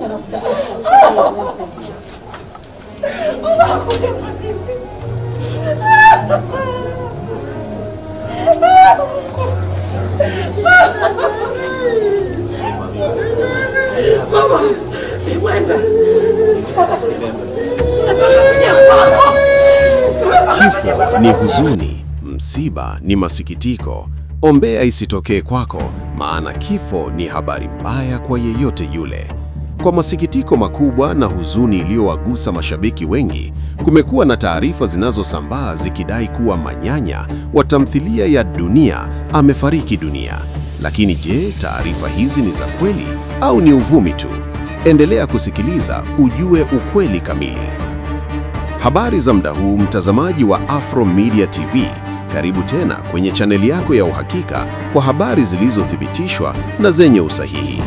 Kifo ni huzuni, msiba ni masikitiko. Ombea isitokee kwako, maana kifo ni habari mbaya kwa yeyote yule. Kwa masikitiko makubwa na huzuni iliyowagusa mashabiki wengi, kumekuwa na taarifa zinazosambaa zikidai kuwa Manyanya wa tamthilia ya Dunia amefariki dunia. Lakini je, taarifa hizi ni za kweli au ni uvumi tu? Endelea kusikiliza ujue ukweli kamili. Habari za muda huu, mtazamaji wa Afro Media TV. Karibu tena kwenye chaneli yako ya uhakika kwa habari zilizothibitishwa na zenye usahihi.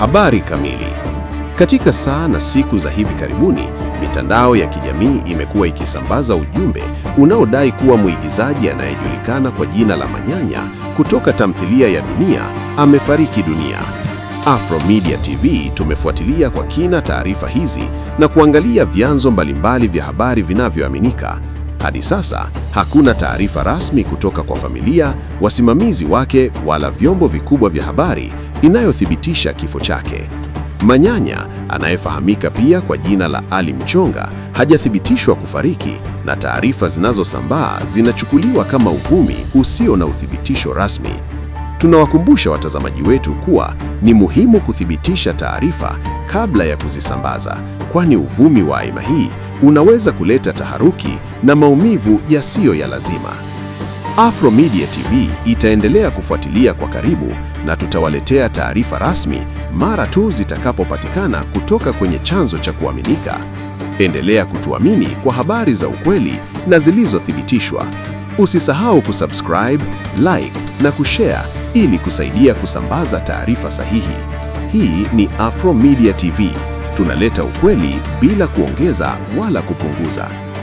Habari kamili. Katika saa na siku za hivi karibuni, mitandao ya kijamii imekuwa ikisambaza ujumbe unaodai kuwa mwigizaji anayejulikana kwa jina la Manyanya kutoka tamthilia ya Dunia amefariki dunia. Afro Media TV tumefuatilia kwa kina taarifa hizi na kuangalia vyanzo mbalimbali vya habari vinavyoaminika. Hadi sasa hakuna taarifa rasmi kutoka kwa familia, wasimamizi wake wala vyombo vikubwa vya habari, inayothibitisha kifo chake. Manyanya anayefahamika pia kwa jina la Ali Mchonga hajathibitishwa kufariki na taarifa zinazosambaa zinachukuliwa kama uvumi usio na uthibitisho rasmi. Tunawakumbusha watazamaji wetu kuwa ni muhimu kuthibitisha taarifa kabla ya kuzisambaza, kwani uvumi wa aina hii unaweza kuleta taharuki na maumivu yasiyo ya lazima. Afro Media TV itaendelea kufuatilia kwa karibu na tutawaletea taarifa rasmi mara tu zitakapopatikana kutoka kwenye chanzo cha kuaminika. Endelea kutuamini kwa habari za ukweli na zilizothibitishwa. Usisahau kusubscribe, like na kushare ili kusaidia kusambaza taarifa sahihi. Hii ni Afro Media TV. Tunaleta ukweli bila kuongeza wala kupunguza.